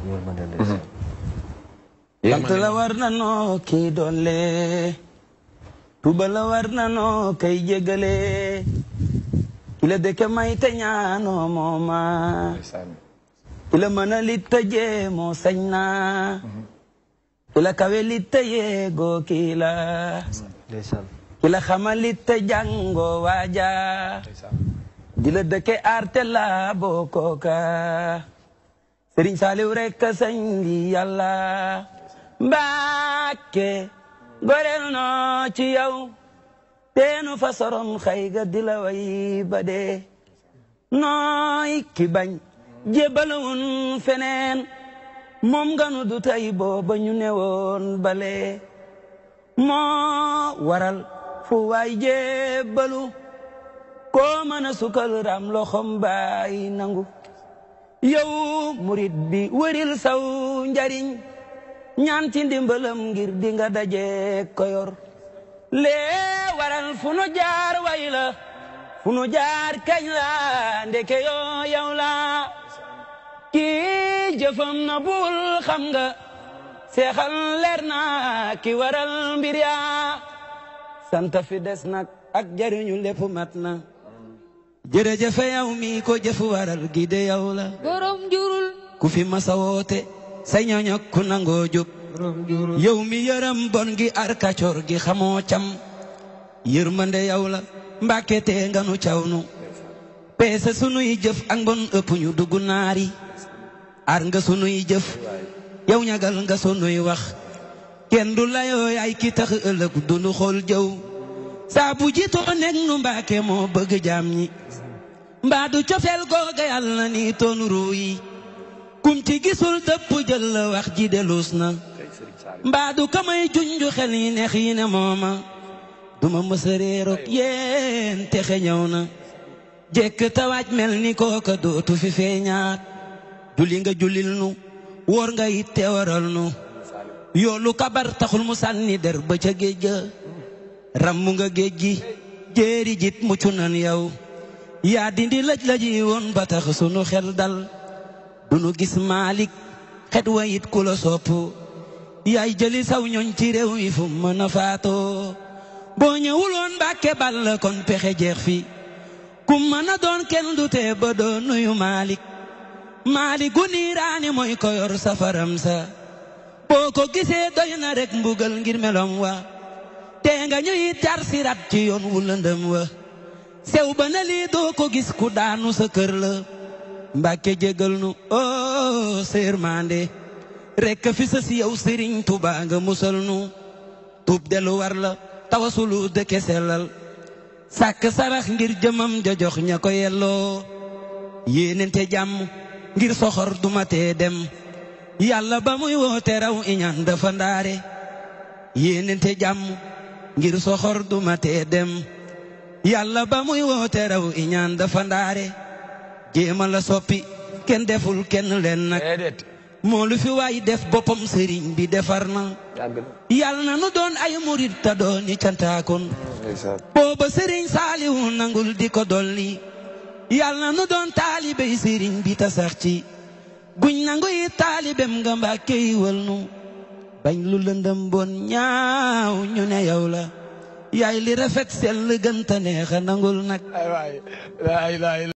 yërmande mm-hmm. la war noo kii doole tuba la war na noo kay jégale ila dëkk may te ñaanoo mooma ila mm-hmm. mën mm-hmm. a lit ta jeemoo sañ na ila kawe lit ta yeegoo kii la ila xama lit ta jàngoo waaja di la dëkke aarte kooka sëriñ Saaliw rekk sañ di yàlla Mbàkke goreel noo ci yow teenu fa soron xay ga di la way ba dee nooy ki bañ feneen moom nganu du tay booba ñu newoon bale moo waral fu waay jébalu koo mën a ram loxom baay nangu yow murit bi wëril saw njariñ ñaan ci ndimbalam ngir di nga daje ko yor lee waral fu jaar way la fu nu jaar kañ la ndeke yoo yow la kii jëfam na bul xam nga seexal leer na ki waral mbir yaa sant fi des nag ak jariñu lépp mat na jërëjëfe yaw mi ko jëf waral gi de yow la ku fi masa woote sa ñoñok ku nangoo jóg yow mi yërëm bon gi arkacoor gi xamoo cam yërmande yow la mbàkke te nga nu caw nu peese sunuy jëf ak bon ëpp ñu dugg naari ar nga sunuy jëf yow ñagal nga sunuy wax kenn du layoo yaay ki ëllëg du nu xool jëw saa bu jitoo nekk nu mbàkke moo bëgg jaam ñi mbaadu cofeel googa yàlla ni toon ruu kum ci gisul dëpp jël la wax ji delus na mbaadu kamay junju xel yi neex yi ne mooma duma mësa réeroog yéen na jekk tawaaj mel ni kooka dootu fi feeñaat julli nga jullil nu wóor nga it waral nu yoolu kabar taxul mu sànni der ba ca géej ga rammu nga géej jéeri jit muccu nan yow Ya dindi laj laj woon ba tax sunu xel dal dunu gis malik xet wayit ku la sopp yaay jeli saw ñoon ci rew yi fu mën faato bo ñewul won bakke bal kon pexe jeex fi ku mën doon ken du ba do nuyu malik malik gu niiraani moy ko yor safaram sa boko doyna rek mbugal ngir melom wa te nga ñuy tar sirat ci yoon wu lëndëm wa sew ba na lii doo ko gis ku daanu sa kër la mbàkke jégal nu oo oh, sermande rekk fi sa si yow sëriñ Tuubaa nga musal nu tuub delu war la tawasulu dëkke sellal sàkk sarax ngir jëmam ja jox ña ko yelloo yéenente jàmm ngir soxor duma tee dem yàlla ba muy woote raw iñaan dafa ndaare yéenente jàmm ngir soxor duma tee dem yàlla ba muy woote raw iñaan dafa ndaare jéema soppi kenn deful kenn leen moo lu fi waay def boppam sëriñ bi defar na yàlla nu doon ay murit ta doon yi booba sëriñ saaliwu nangul di ko dolli yàlla nu doon taalibey sëriñ bi sax ci guñ nangu yi taalibem nga mbàkke yi wël nu bañ lu lëndëm bon ñaaw ñu ne la yaay li rafet sell gën te neex a nangul nag